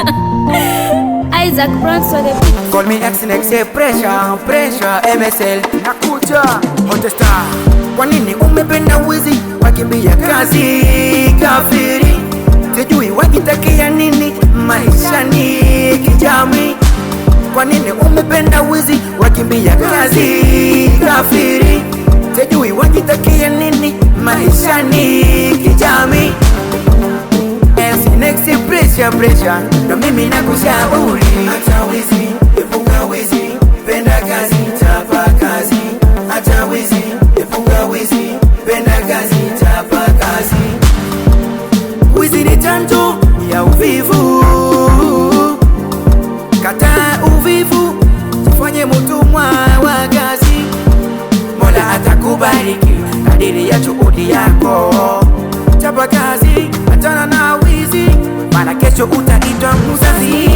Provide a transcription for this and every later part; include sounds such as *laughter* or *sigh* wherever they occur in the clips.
*laughs* Isaac Bronson. Call me X-Nex, yeah, pressure, pressure, MSL. Nakuja, hotesta. Kwa nini umependa wizi? Wakimbia kazi, kafiri. Sijui wakitakia nini, maisha ni kijami. Kwa nini umependa wizi? Wakimbia kazi, kafiri. kukutia presha na mimi na nakushauri hata wezi, epuka wezi, penda kazi, chapa kazi. Hata wezi, epuka wezi, penda kazi, chapa kazi. Wizi ni chanzo ya uvivu, kataa uvivu, tufanye mutumwa wa kazi. Mola atakubariki kadiri ya juhudi yako. mara kesho utaitwa mzazi.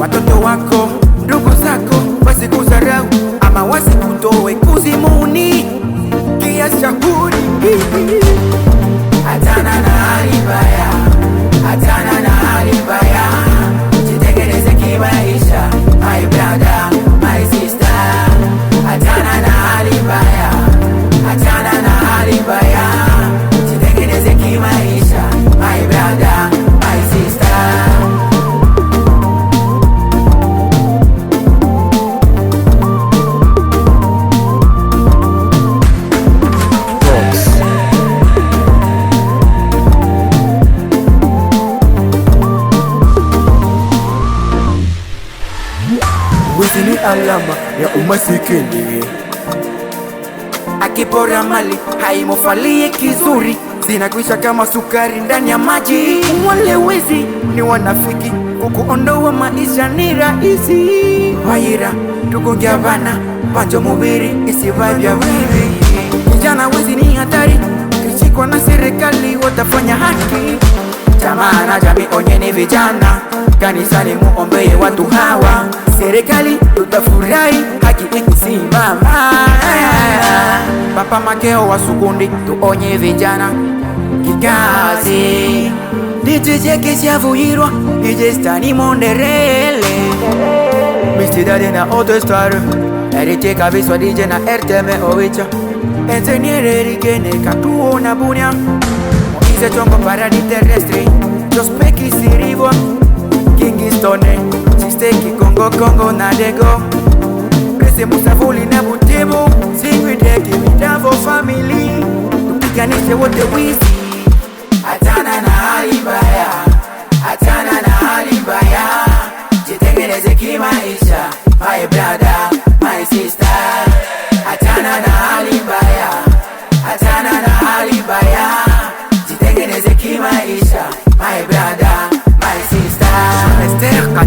Watoto wako, ndugu zako wasikudharau ama wasikutoe kuzimuni kiasi cha kuni hatana na hali mbaya Mapenzi ni alama ya umasikini, akipora mali haimofalie kizuri, zinakwisha kama sukari ndani ya maji. wezi ni wanafiki, kukuondoa maisha ni rahisi. Waira tukongea vana panjo mubiri isivavya vivi. Vijana wezi ni hatari, ukishikwa na serikali watafanya haki. Jamaa na jamii, onyeni vijana kanisani muombeye watu hawa, serikali tutafurahi, haki ikisimama. Papa Makeo wa Sukundi, tuonye vijana kikazi, ndicijekesyavuhirwa ijestani monderele mistidadi na autostar erite kabiswa dije na erteme owicha katuo na bunya moize chongo paradi terrestri jospeki sirivwa Kingston Siste Kikongo Kongo na Dego Pese na Butembo Singwi Deki Mitavo family na Jitengeneze kimaisha My brother, my sister Atana na hali Atana na hali Jitengeneze kimaisha My brother